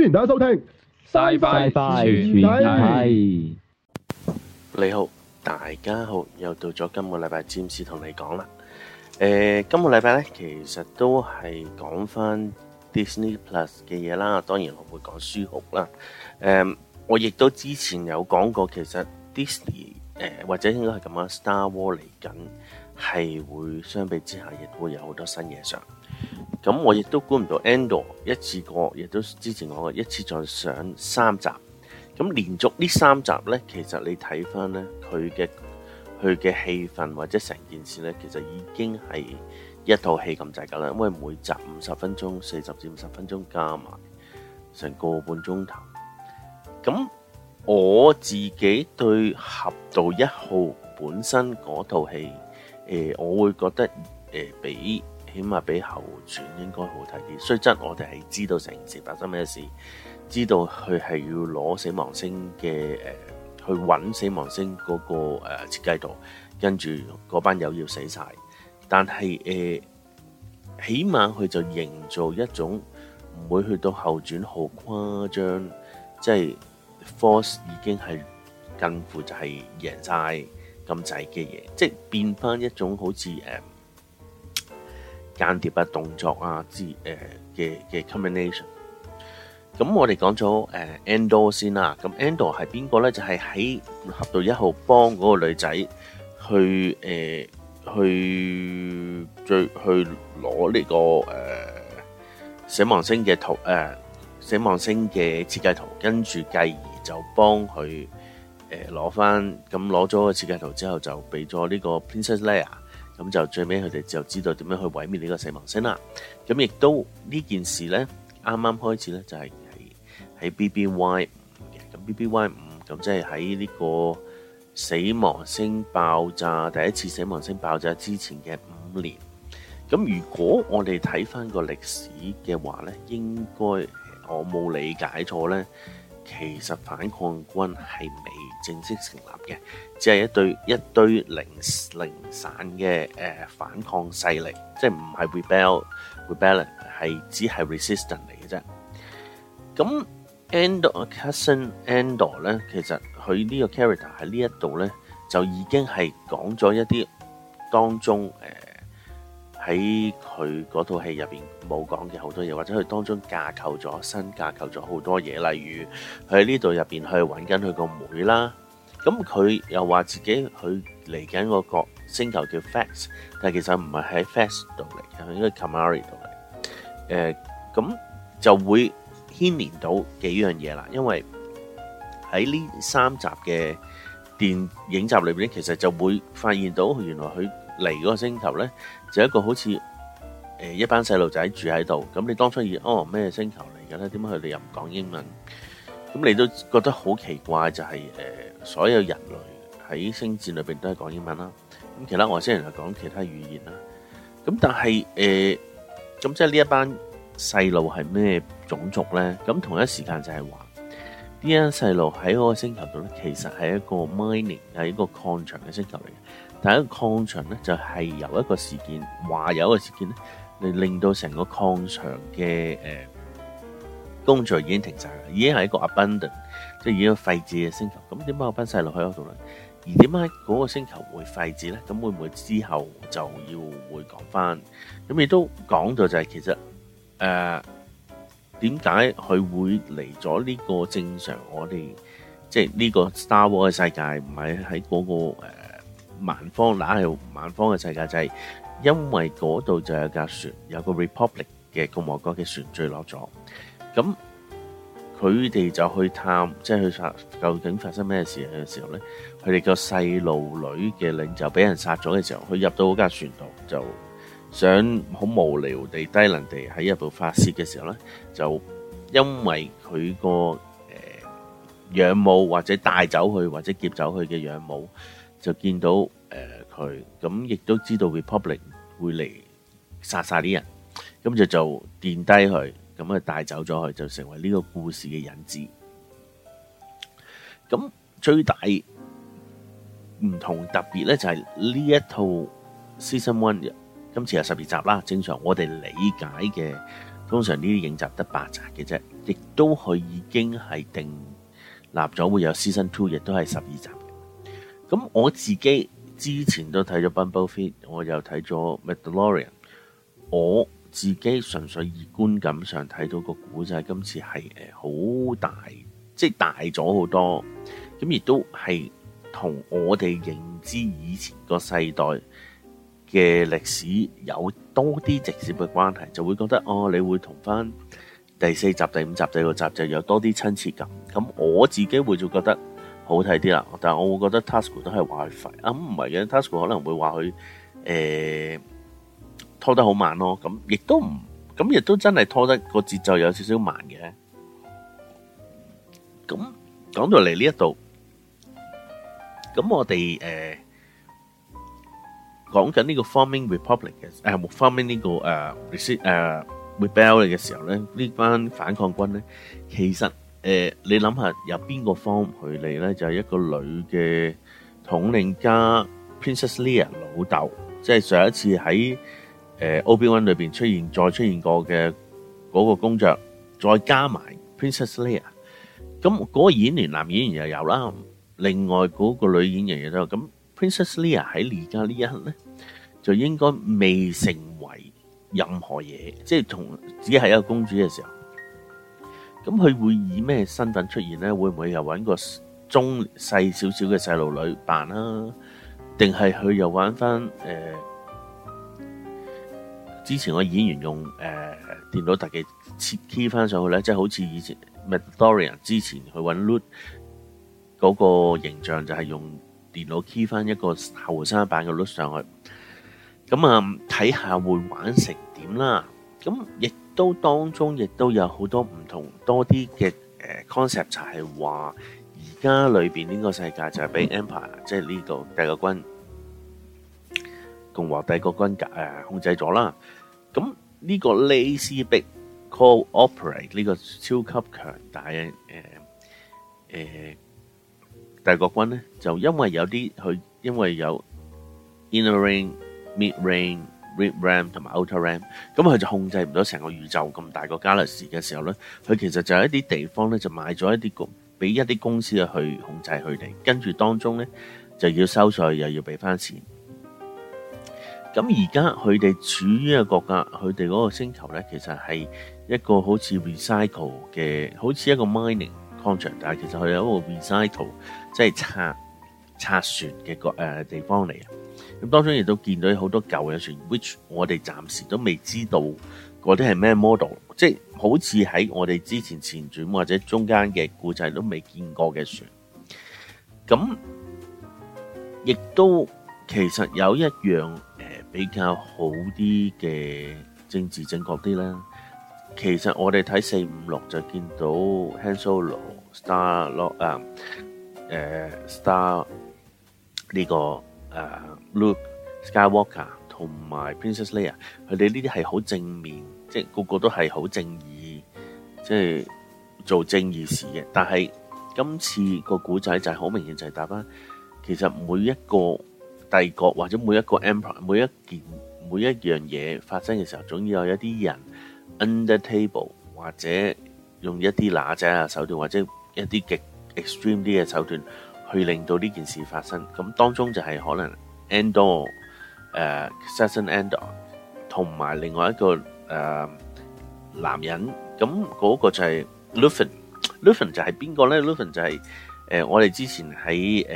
歡迎大家收聽，拜拜拜拜。你好，大家好，又到咗今個禮拜，James 同你講啦。誒、呃，今個禮拜咧，其實都係講翻 Disney Plus 嘅嘢啦。當然我會講 She-Hulk 啦。誒、呃，我亦都之前有講過，其實 Disney 誒、呃、或者應該係咁樣，Star War 嚟緊係會相比之下亦會有好多新嘢上。咁我亦都估唔到，Andor 一次過，亦都之前我一次再上三集。咁連續呢三集呢，其實你睇翻呢，佢嘅佢嘅戲份或者成件事呢，其實已經係一套戲咁滯㗎啦。因為每集五十分鐘、四十至五十分鐘加埋成個半鐘頭。咁我自己對《俠盜一號》本身嗰套戲，誒，我會覺得誒、呃、比。起碼比後傳應該好睇啲。雖則我哋係知道成件事發生咩事，知道佢係要攞死亡星嘅誒、呃，去揾死亡星嗰個誒設計圖，跟住嗰班友要死晒，但係誒、呃，起碼佢就營造一種唔會去到後傳好誇張，即係 force 已經係近乎就係贏晒咁滯嘅嘢，即係變翻一種好似誒，呃間諜啊，動作啊之誒嘅嘅 combination。咁我哋講咗誒 Andor、呃、先啦。咁 Andor 係邊個咧？就係、是、喺俠盜一號幫嗰個女仔去誒、呃、去最去攞呢、這個誒、呃、死亡星嘅圖誒、呃、死亡星嘅設計圖，跟住繼而就幫佢誒攞翻。咁攞咗個設計圖之後，就俾咗呢個 Princess Leia。咁就最尾佢哋就知道點樣去毀滅呢個死亡星啦。咁亦都呢件事呢，啱啱開始呢，5，就係喺 B B Y 五。咁 B B Y 五，咁即係喺呢個死亡星爆炸，第一次死亡星爆炸之前嘅五年。咁如果我哋睇翻個歷史嘅話呢，應該我冇理解錯呢，其實反抗軍係美。正式成立嘅，只係一對一堆零零散嘅誒反抗勢力，即係唔係 rebel，rebellion 係只係 resistance 嚟嘅啫。咁 Andor，Andor 咧，其實佢呢個 character 喺呢一度咧，就已經係講咗一啲當中誒。喺佢嗰套戲入邊冇講嘅好多嘢，或者佢當中架構咗新架構咗好多嘢，例如佢喺呢度入邊去揾緊佢個妹啦。咁佢又話自己佢嚟緊嗰個星球叫 Facts，但係其實唔係喺 Facts 度嚟嘅，喺個 Tamarid 度嚟。誒咁就會牽連到幾樣嘢啦，因為喺呢三集嘅電影集裏邊咧，其實就會發現到原來佢嚟嗰個星球咧。就一個好似誒一班細路仔住喺度，咁你當初以哦咩星球嚟嘅咧？點解佢哋又唔講英文？咁你都覺得好奇怪，就係誒所有人類喺星戰裏面都係講英文啦。咁其他外星人就講其他語言啦。咁但係誒咁即係呢一班細路係咩種族咧？咁同一時間就係話呢啲細路喺嗰個星球度咧，其實係一個 Mining 係一個礦場嘅星球嚟嘅。第一個礦場咧就係、是、由一個事件話有一個事件咧，嚟令到成個礦場嘅、呃、工作已經停晒，已經係一個 abandoned 即係已經廢置嘅星球。咁點解我班細路喺嗰度咧？而點解嗰個星球會廢置咧？咁會唔會之後就要會講翻？咁亦都講咗就係、是、其實誒點解佢會嚟咗呢個正常我哋即係呢個 Star Wars 嘅世界，唔係喺嗰個、呃萬方嗱，係萬方嘅世界，就係因為嗰度就有架船，有個 Republic 嘅共和國嘅船墜落咗。咁佢哋就去探，即係去探究竟發生咩事嘅時候呢，佢哋個細路女嘅領袖俾人殺咗嘅時候，佢入到嗰架船度就想好無聊地低能地喺入度發泄嘅時候呢，就因為佢個誒養母或者帶走佢，或者劫走佢嘅養母。就見到佢，咁、呃、亦都知道 Republic 會嚟殺曬啲人，咁就就電低佢，咁啊帶走咗佢，就成為呢個故事嘅引子。咁最大唔同特別咧，就係呢一套 Season One 今次有十二集啦。正常我哋理解嘅，通常呢啲影集得八集嘅啫，亦都佢已經係定立咗會有 Season Two，亦都係十二集。咁我自己之前都睇咗《Boba Fett》，我又睇咗《Mandalorian》。我自己純粹以觀感上睇到個古仔，今次係誒好大，即係大咗好多。咁亦都係同我哋認知以前個世代嘅歷史有多啲直接嘅關係，就會覺得哦，你會同翻第四集、第五集、第六集就有多啲親切感。咁我自己會就覺得。好睇啲啦，但係我會覺得 Tasuku 都係話佢快啊，唔係嘅，Tasuku 可能會話佢誒拖得好慢咯，咁亦都唔，咁亦都真係拖得個節奏有少少慢嘅。咁講到嚟呢一度，咁我哋誒講緊呢個 Farming Republic 嘅，誒，Farming 呢個誒 Rece 誒 Rebellion 嘅時候咧，呢班反抗軍咧其實。誒、呃，你諗下有邊個方佢嚟咧？就係、是、一個女嘅統領家 Princess Leia 老豆，即、就、係、是、上一次喺誒、呃、Obi-Wan 裏邊出現，再出現過嘅嗰個公爵，再加埋 Princess Leia。咁、那、嗰個演員男演員又有啦，另外嗰個女演員亦都有。咁 Princess Leia 喺而家呢一刻咧，就應該未成為任何嘢，即係同只係一個公主嘅時候。咁佢會以咩身份出現呢？會唔會又搵個中細少少嘅細路女扮啦、啊？定係佢又搵翻誒之前個演員用、呃、電腦特技切 key 翻上去呢？即、就、係、是、好似以前 Mandalorian 之前去揾 Luke 嗰個形象，就係用電腦 key 翻一個後生版嘅 Luke 上去。咁啊，睇、嗯、下會玩成點啦。咁亦，都當中亦都有好多唔同多啲嘅誒 concept，就係話而家裏邊呢個世界就係俾 Empire，即係呢個帝國軍共和帝國軍誒、呃、控制咗啦。咁呢個 Laser Big Cooperate 呢個超級強大嘅誒誒帝國軍咧，就因為有啲佢因為有 Inner Ring Mid Ring。RAM 同埋 Ultra RAM，咁佢就控制唔到成個宇宙咁大個 Galaxy 嘅時候咧，佢其實就喺一啲地方咧就買咗一啲局，俾一啲公司啊去控制佢哋，跟住當中咧就要收稅，又要俾翻錢。咁而家佢哋處於一個國家，佢哋嗰個星球咧，其實係一個好似 recycle 嘅，好似一個 mining contract，但係其實係一個 recycle，即係拆。拆船嘅個誒、呃、地方嚟啊。咁當中亦都見到好多舊嘅船，which 我哋暫時都未知道嗰啲係咩 model，即係好似喺我哋之前前傳或者中間嘅故仔都未見過嘅船。咁亦都其實有一樣誒、呃、比較好啲嘅政治正確啲啦。其實我哋睇四五六就見到 Han Solo、Star 咯啊、呃、Star。呢個誒 Luke Skywalker 同埋 Princess Leia，佢哋呢啲係好正面，即係個個都係好正義，即係做正義事嘅。但係今次個古仔就係好明顯就係答返其實每一個帝國或者每一個 emperor，每一件每一樣嘢發生嘅時候，總要有一啲人 under table 或者用一啲乸仔啊手段，或者一啲極 extreme 啲嘅手段。去令到呢件事發生，咁當中就係可能 Andor，誒 Cassian Andor，同埋另外一個誒男人，咁嗰個就係 Luthen，Luthen 就係邊個咧？Luthen 就係誒我哋之前喺誒誒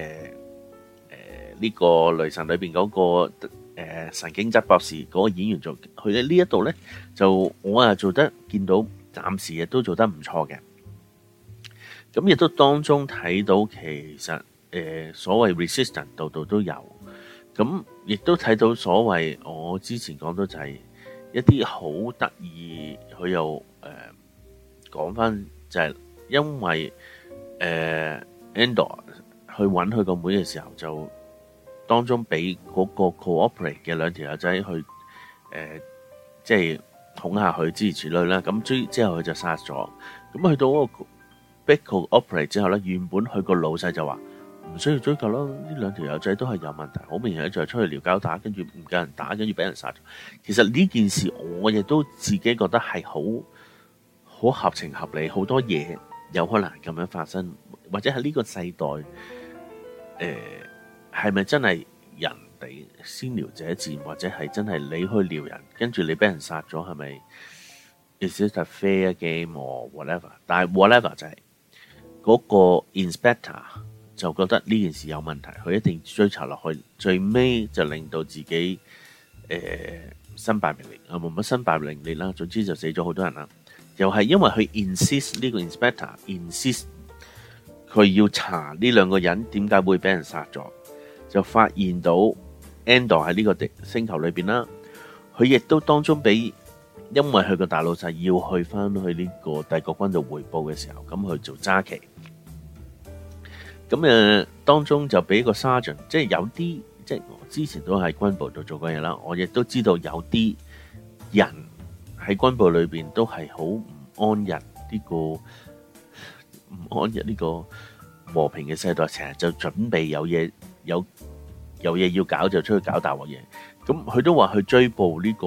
呢個雷神裏邊嗰個誒神經質博士嗰個演員做，去喺呢一度咧就我啊做得見到，暫時亦都做得唔錯嘅。咁亦都當中睇到其實誒、呃、所謂 resistance 度度都有，咁、嗯、亦都睇到所謂我之前講到就係、是、一啲好得意，佢又誒講翻就係、是、因為誒、呃、Andor 去揾佢個妹嘅時候，就當中俾嗰個 cooperate 嘅兩條友仔去誒、呃、即係恐嚇佢諸如此類啦，咁最之後佢就殺咗，咁、嗯、去到嗰、那個。逼佢 operate 之後咧，原本佢個老細就話唔需要追究咯。呢兩條友仔都係有問題，好明顯就係出去撩交打，跟住唔夠人打，跟住俾人殺咗。其實呢件事我亦都自己覺得係好，好合情合理。好多嘢有可能咁樣發生，或者喺呢個世代，誒係咪真係人哋先撩者賤，或者係真係你去撩人，跟住你俾人殺咗係咪？Is it a fair game or whatever？但係 whatever 就係、是。嗰個 inspector 就覺得呢件事有問題，佢一定追查落去，最尾就令到自己誒身敗名裂啊，冇乜身敗名裂啦，總之就死咗好多人啦。又係因為佢 insist，呢個 inspector insist 佢要查呢兩個人點解會俾人殺咗，就發現到 Andor 喺呢個地星球裏邊啦。佢亦都當中俾因為佢個大老細要去翻去呢個帝國軍度回報嘅時候，咁佢就揸旗。咁誒，當中就俾個 sergeant，即係有啲，即係我之前都喺軍部度做過嘢啦，我亦都知道有啲人喺軍部裏邊都係好唔安逸，呢個唔安逸呢個和平嘅世代，成日就準備有嘢有有嘢要搞就出去搞大鑊嘢。咁佢都話去追捕呢個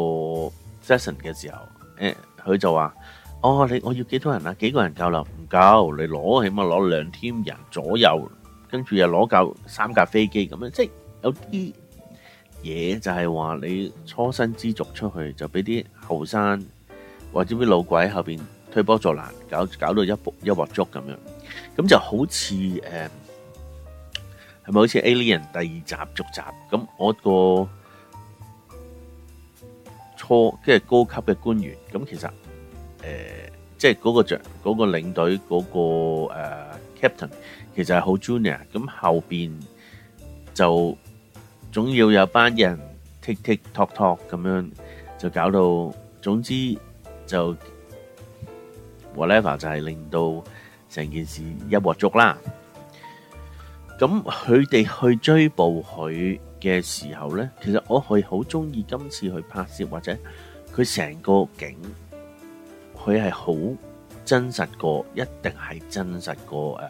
Cassian 嘅時候，誒，佢就話，哦，你我要幾多人啊？幾個人夠啦？唔夠，你攞起碼攞兩 team 人左右。跟住又攞嚿三架飛機咁樣，即係有啲嘢就係話你初生之犢出去，就俾啲後生或者啲老鬼後面推波助瀾，搞搞到一卜一鑊粥咁樣，咁就好似係咪好似《Alien》第二集續集咁？我個初即係高級嘅官員咁，其實即係嗰個長嗰、嗰個領隊嗰、嗰個、呃、Captain。其實係好 junior，咁後邊就總要有班人踢踢拓拓咁樣，就搞到總之就 whatever 就係令到成件事一鍋粥啦。咁佢哋去追捕佢嘅時候咧，其實我係好中意今次去拍攝，或者佢成個景，佢係好真實過，一定係真實過誒。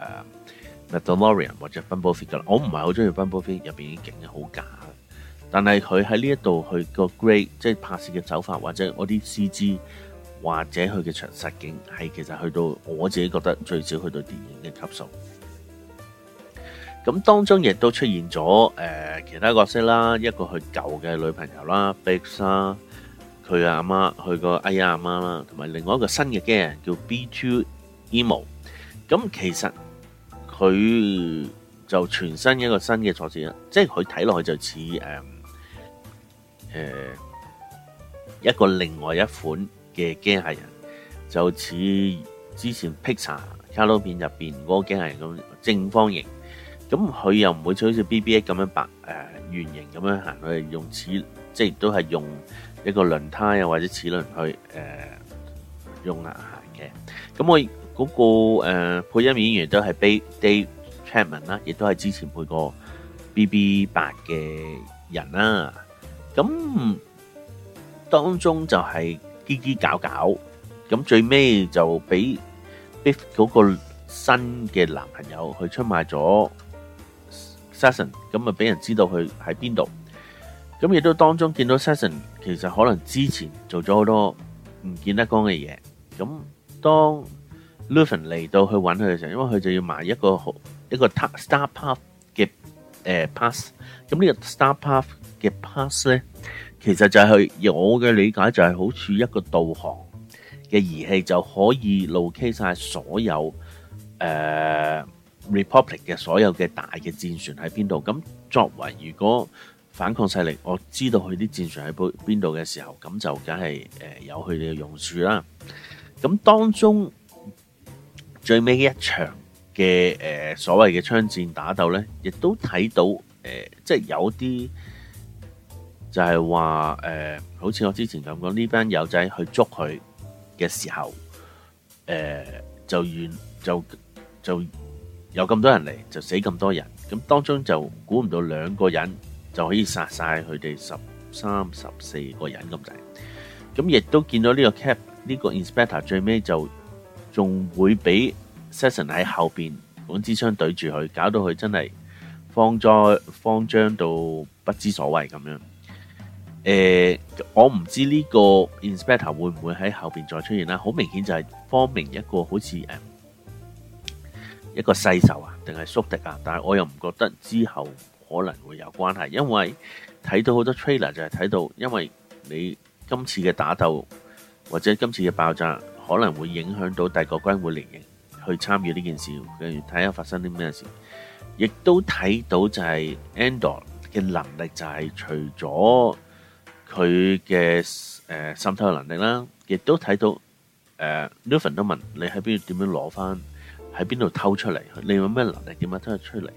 《Mandalorian》或者《Bumblebee》嘅。我唔係好中意《Bumblebee》入邊啲景係好假，但係佢喺呢一度去個 great，即係拍攝嘅手法，或者我啲 C G，或者佢嘅長實景，係其實去到我自己覺得最少去到電影嘅級數。咁當中亦都出現咗誒、呃、其他角色啦，一個佢舊嘅女朋友啦 Bix 啦，佢阿媽，媽，佢個哎呀阿媽啦，同埋另外一個新嘅機人叫 B2EMO。咁其實佢就全新一個新嘅坐姿啦，即係佢睇落去就似誒誒一個另外一款嘅機械人，就似之前 Pixar 卡通片入邊個機械人咁正方形，咁佢又唔會好似 BBA 咁樣白誒、呃、圓形咁樣行去，用齒，即係都係用一個輪胎啊或者齒輪去誒、呃、用嚟行嘅，咁我。嗰個誒配音演員都係 B Dave Chapman 啦，亦都係之前配過 BB8 嘅人啦。咁當中就係嘰嘰搞搞，咁最尾就俾嗰個新嘅男朋友去出賣咗 Sasen，咁啊俾人知道佢喺邊度。咁亦都當中見到 Sasen 其實可能之前做咗好多唔見得光嘅嘢，咁當。Luthen 嚟到去揾佢嘅時候，因為佢就要買一個好一個 Star Path 嘅誒、呃、pass。咁呢個 Star Path 嘅 pass 咧，其實就係、是、我嘅理解就係、是、好似一個導航嘅儀器，就可以 locate 晒所有誒、呃、Republic 嘅所有嘅大嘅戰船喺邊度。咁作為如果反抗勢力，我知道佢啲戰船喺邊度嘅時候，咁就梗係誒有佢哋嘅用處啦。咁當中。最尾一場嘅誒所謂嘅槍戰打鬥呢，亦都睇到誒，即係有啲就係話誒，好似我之前咁講，呢班友仔去捉佢嘅時候，誒就遠就就有咁多人嚟，就死咁多人，咁當中就估唔到兩個人就可以殺晒佢哋十三十四個人咁滯，咁亦都見到呢個 Cap 呢個 Inspector 最尾就，仲會俾 Session 喺後邊揾支槍對住佢，搞到佢真係慌張慌張到不知所謂咁樣。誒、呃，我唔知呢個 Inspector 會唔會喺後邊再出現啦。好明顯就係、是、方明一個好似誒、呃、一個世仇啊，定係宿敵啊？但係我又唔覺得之後可能會有關係，因為睇到好多 trailer 就係睇到，因為你今次嘅打鬥或者今次嘅爆炸。可能會影響到帝國軍會連營去參與呢件事嘅，睇下發生啲咩事。亦都睇到就係 Andor 嘅能力，就係除咗佢嘅誒滲透能力啦，亦都睇到誒 Noufenno 都問你喺邊度點樣攞翻喺邊度偷出嚟？你有咩能力點樣偷得出嚟？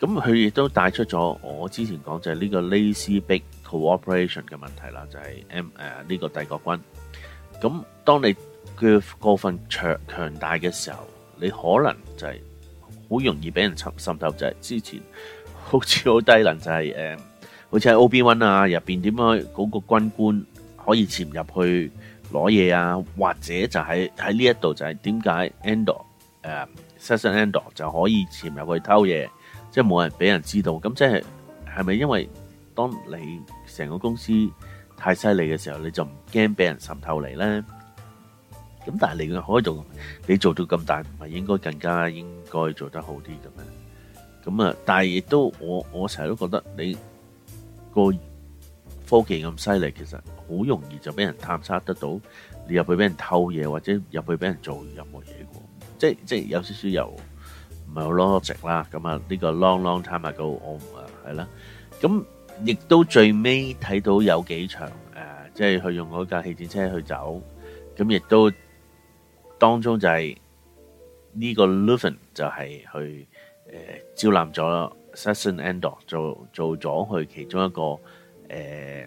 咁佢亦都帶出咗我之前講就係呢個 Lazy Big Cooperation 嘅問題啦，就係 M 誒呢個帝國軍咁，當你。佢過分強強大嘅時候，你可能就係好容易俾人滲滲透。就係、是、之前好似好低能、就是，就係誒，好似喺 Obi-Wan 啊入邊點樣嗰個軍官可以潛入去攞嘢啊？或者就係喺呢一度就係點解 Andor 誒、嗯、Cassian Andor 就可以潛入去偷嘢，即係冇人俾人知道。咁即係係咪因為當你成個公司太犀利嘅時候，你就唔驚俾人滲透嚟咧？咁但係你應該可以做到，你做到咁大，唔係應該更加應該做得好啲嘅咩？咁啊，但係亦都我我成日都覺得你個科技咁犀利，其實好容易就俾人探查得到，你入去俾人偷嘢，或者入去俾人做任何嘢嘅，即係即係有少少又唔係好 logic 啦。咁啊，呢個 long long time ago，我唔係，係啦。咁亦都最尾睇到有幾場誒，即係佢用嗰架汽車去走，咁亦都。當中就係、是、呢、這個 Luthen 就係去誒、呃、招攬咗 Cassian Andor 做做咗佢其中一個誒、呃、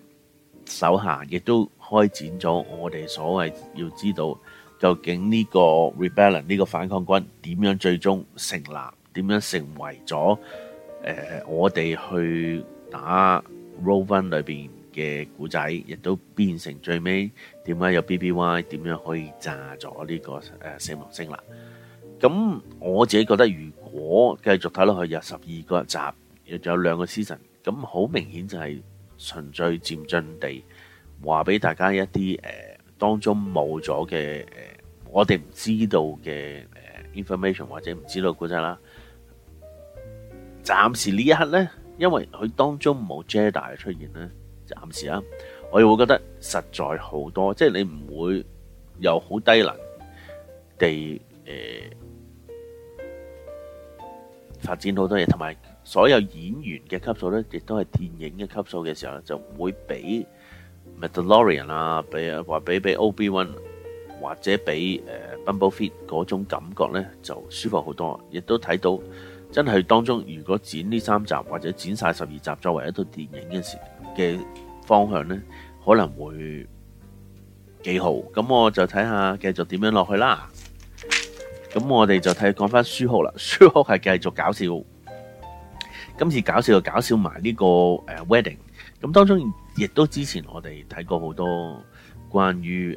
手下，亦都開展咗我哋所謂要知道究竟呢個 Rebellion 呢個反抗軍點樣最終成立，點樣成為咗誒、呃、我哋去打 Rogue One 裏邊，嘅古仔亦都變成最尾點解有 B B Y 點樣可以炸咗呢、這個誒、呃、死亡星啦。咁我自己覺得，如果繼續睇落去有十二個集，仲有兩個 season，咁好明顯就係循序漸進地話俾大家一啲誒、呃、當中冇咗嘅誒，我哋唔知道嘅誒、呃、information 或者唔知道古仔啦。暫時呢一刻呢，因為佢當中冇 Jedi 出現呢。暫時啊，我又會覺得實在好多，即係你唔會有好低能地誒、呃、發展好多嘢，同埋所有演員嘅級數咧，亦都係電影嘅級數嘅時候就唔會比《m e d a l l o r i a n 啊，比啊話比比 Obi Wan 或者比誒《呃、Bumble f i t 嗰種感覺咧，就舒服好多，亦都睇到真係當中，如果剪呢三集或者剪晒十二集作為一套電影嘅時嘅。方向咧，可能會幾好，咁我就睇下繼續點樣落去啦。咁我哋就睇講翻舒浩啦，舒浩係繼續搞笑，今次搞笑就搞笑埋呢、這個誒、uh, wedding，咁當中亦都之前我哋睇過好多關於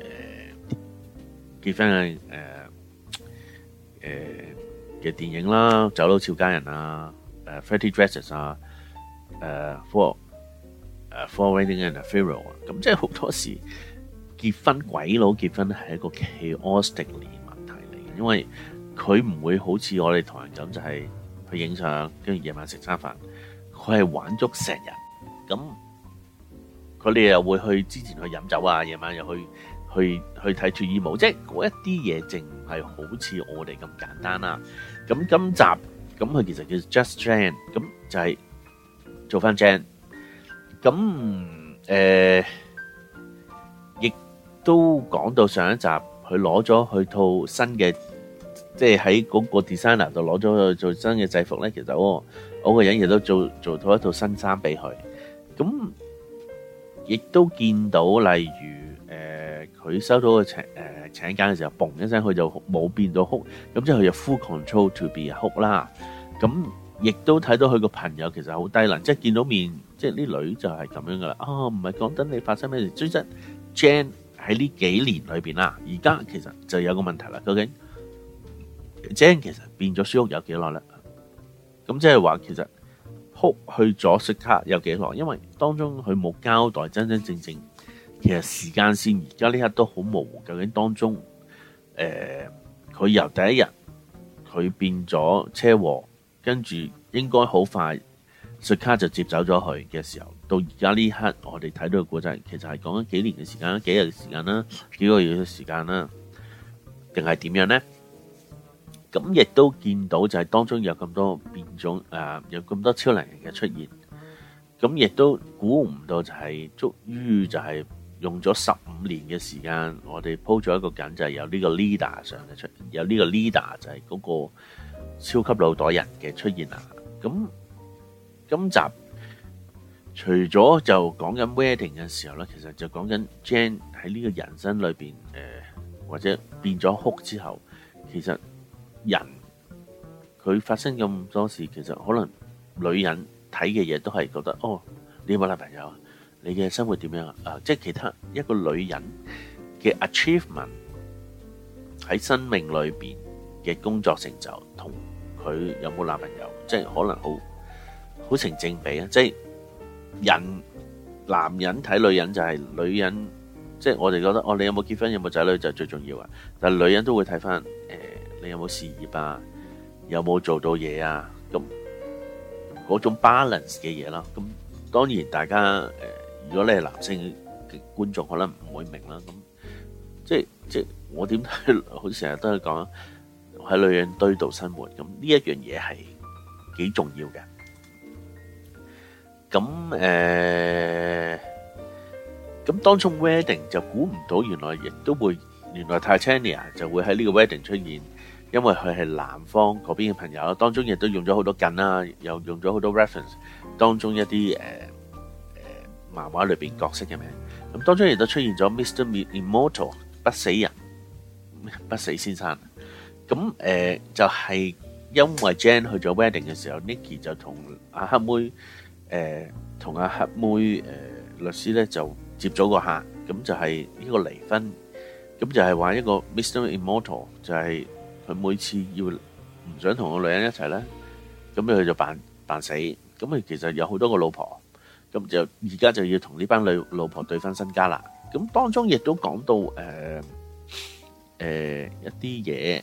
誒結婚嘅誒誒嘅電影啦，走佬俏佳人啊，誒、uh, thirty dresses 啊，uh, 誒 four。Four Weddings and a Funeral 啊，咁即係好多時結婚鬼佬結婚係一個 chaos 的問題嚟嘅，因為佢唔會好似我哋唐人咁，就係、是、去影相，跟住夜晚食餐飯，佢係玩足成日，咁佢哋又會去之前去飲酒啊，夜晚又去去去睇脫衣舞，即係嗰一啲嘢，淨係好似我哋咁簡單啦。咁今集咁佢其實叫 Just Jen，咁就係做翻 Jen。咁誒，亦都講到上一集，佢攞咗佢套新嘅，即係喺嗰個 designer 度攞咗去做新嘅制服咧。其實我我個人亦都做做套一套新衫俾佢。咁亦都見到，例如誒，佢收到個請誒請柬嘅時候，嘣一聲，佢就冇變到 Hulk。咁即係佢就 full control to beHulk 啦。咁亦都睇到佢個朋友其實好低能，即係見到面，即係啲女就係咁樣噶啦。啊、哦，唔係講緊你發生咩事。追實 Jane 喺呢幾年裏面啦，而家其實就有個問題啦。究竟 Jane 其實變咗 She-Hulk 有幾耐啦？咁即係話其實哭去咗食卡有幾耐？因為當中佢冇交代真真正正其實時間線而家呢刻都好模糊。究竟當中誒佢、呃、由第一日佢變咗車禍。跟住應該好快，蘇卡就接走咗佢嘅時候，到而家呢刻，我哋睇到個故仔，其實係講緊幾年嘅時間啦、幾日嘅時間啦、幾個月嘅時間啦，定係點樣呢？咁亦都見到就係當中有咁多變種，誒、呃、有咁多超能人嘅出現，咁亦都估唔到就係終於就係用咗十五年嘅時間，我哋鋪咗一個緊就係有呢個 leader 上嘅出現，有呢個 leader 就係嗰、嗰個。超級腦袋人嘅出現啊！咁今集除咗就講緊 wedding 嘅時候咧，其實就講緊 Jan 喺呢個人生裏邊誒、呃，或者變咗 Hulk 之後，其實人佢發生咁多事，其實可能女人睇嘅嘢都係覺得哦，你有冇男朋友，你嘅生活點樣啊、呃？即係其他一個女人嘅 achievement 喺生命裏邊。嘅工作成就同佢有冇男朋友，即係可能好好成正比啊！即係人男人睇女人就係、是、女人，即係我哋覺得哦，你有冇結婚，有冇仔女就是、最重要啊！但係女人都會睇翻，誒，你有冇事業啊，有冇做到嘢啊，咁嗰種 balance 嘅嘢啦。咁當然大家誒、呃，如果你係男性嘅觀眾，可能唔會明啦。咁即係即係我點睇，好似成日都係講。喺女人堆度生活，咁呢一樣嘢係幾重要嘅。咁誒，咁當中 wedding 就估唔到，原來亦都會原來 Titania 就會喺呢個 wedding 出現，因為佢係南方嗰邊嘅朋友啦。當中亦都用咗好多近啦，又用咗好多 reference。當中一啲誒誒漫畫裏邊角色嘅名，咁當中亦都出現咗 Mr. Immortal 不死人不死先生。咁誒就係因為 Jen 去咗 wedding 嘅時候，Nicky 就同阿黑妹誒同阿黑妹誒律師咧就接咗個客，咁就係呢個離婚，咁就係話一個 Mr. Immortal 就係佢每次要唔想同個女人一齊咧，咁佢就扮扮死，咁佢其實有好多個老婆，咁就而家就要同呢班女老婆對翻身家啦。咁當中亦都講到誒誒一啲嘢。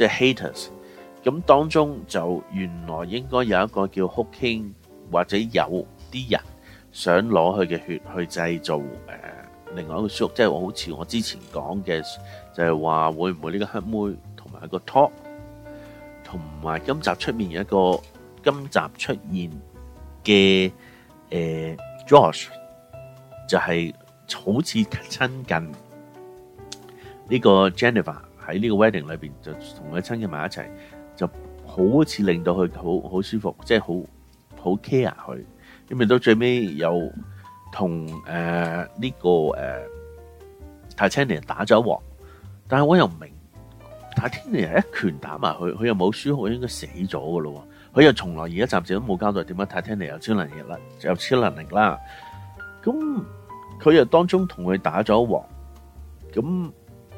即係 haters，咁當中就原來應該有一個叫 HulkKing，或者有啲人想攞佢嘅血去製造誒、呃、另外一個書，即係我好似我之前講嘅，就係、是、話會唔會呢個黑妹同埋一個 Pug，同埋今集出面有一個今集出現嘅誒、呃、Josh，就係好似親近呢個 Jennifer。喺呢個 wedding 裏邊就同佢親近埋一齊，就好似令到佢好好舒服，即係好好 care 佢。因為到最尾又同誒呢個誒 Titania 打咗一鑊，但係我又唔明 Titania 一拳打埋佢，佢又冇輸，好，應該死咗㗎喇喎。佢又從來而家暫時都冇交代點解 Titania 有超能力啦，有超能力啦。咁佢又當中同佢打咗一鑊，咁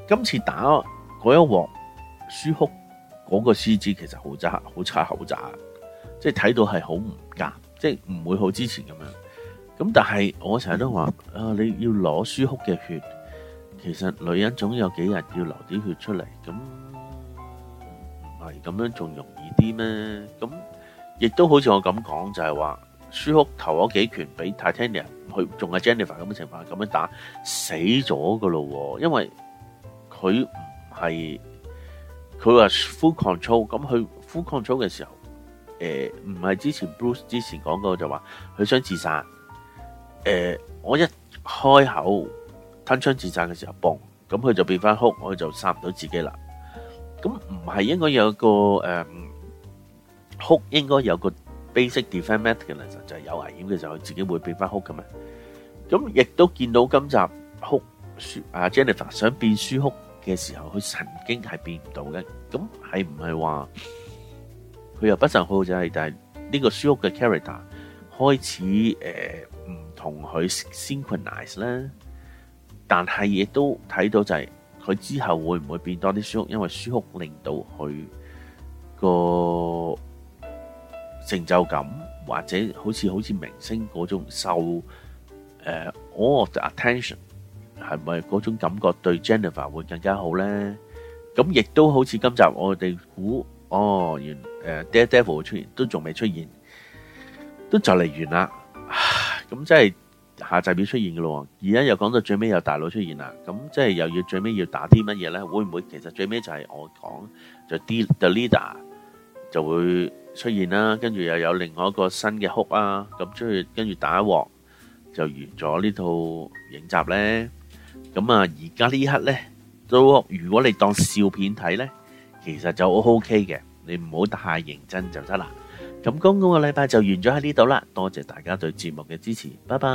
今次打。嗰一鑊，She-Hulk 嗰個 CG 其實好渣，好差，好渣，即係睇到係好唔夾，即係唔會好之前咁樣。咁但係我成日都話，啊你要攞 She-Hulk 嘅血，其實女人總有幾日要流啲血出嚟，咁唔係咁樣仲容易啲咩？咁亦都好似我咁講，就係話 She-Hulk 投咗幾拳俾 Titania 去，仲係 Jennifer 咁嘅情況，咁樣打死咗噶咯，因為佢。係佢話 full control，咁佢 full control 嘅時候，誒唔係之前 Bruce 之前講過就話佢想自殺。誒、呃，我一開口吞槍自殺嘅時候嘣，boom 咁佢就變翻哭、呃就是，我就殺唔到自己啦。咁唔係應該有個誒哭應該有個 basic defence mechanism 就係有危險嘅時候自己會變翻哭嘅嘛？咁亦都見到今集哭舒阿 Jennifer 想變舒哭嘅時候，佢神經係變唔到嘅，咁係唔係話佢又不甚好就係，但係呢個書屋嘅 character 開始誒唔同佢 synchronize 啦，呃、ize, 但係亦都睇到就係、是、佢之後會唔會變多啲書屋，因為書屋令到佢個成就感或者好似好似明星嗰種受誒、呃、all of the attention。係咪嗰種感覺對 Jennifer 會更加好咧？咁亦都好似今集我哋估哦，原誒 Daredevil 會出現，都仲未出現，都就嚟完啦。咁即係下集要出現噶咯。而家又講到最尾有大佬出現啦，咁即係又要最尾要打啲乜嘢咧？會唔會其實最尾就係我講就 The Leader 就會出現啦？跟住又有另外一個新嘅 Hook 啊！咁即係跟住打一鑊就完咗呢套影集咧。咁啊，而家呢刻呢，都如果你當笑片睇呢，其實就 OK 嘅，你唔好太認真就得啦。咁今個禮拜就完咗喺呢度啦，多謝大家對節目嘅支持，拜拜。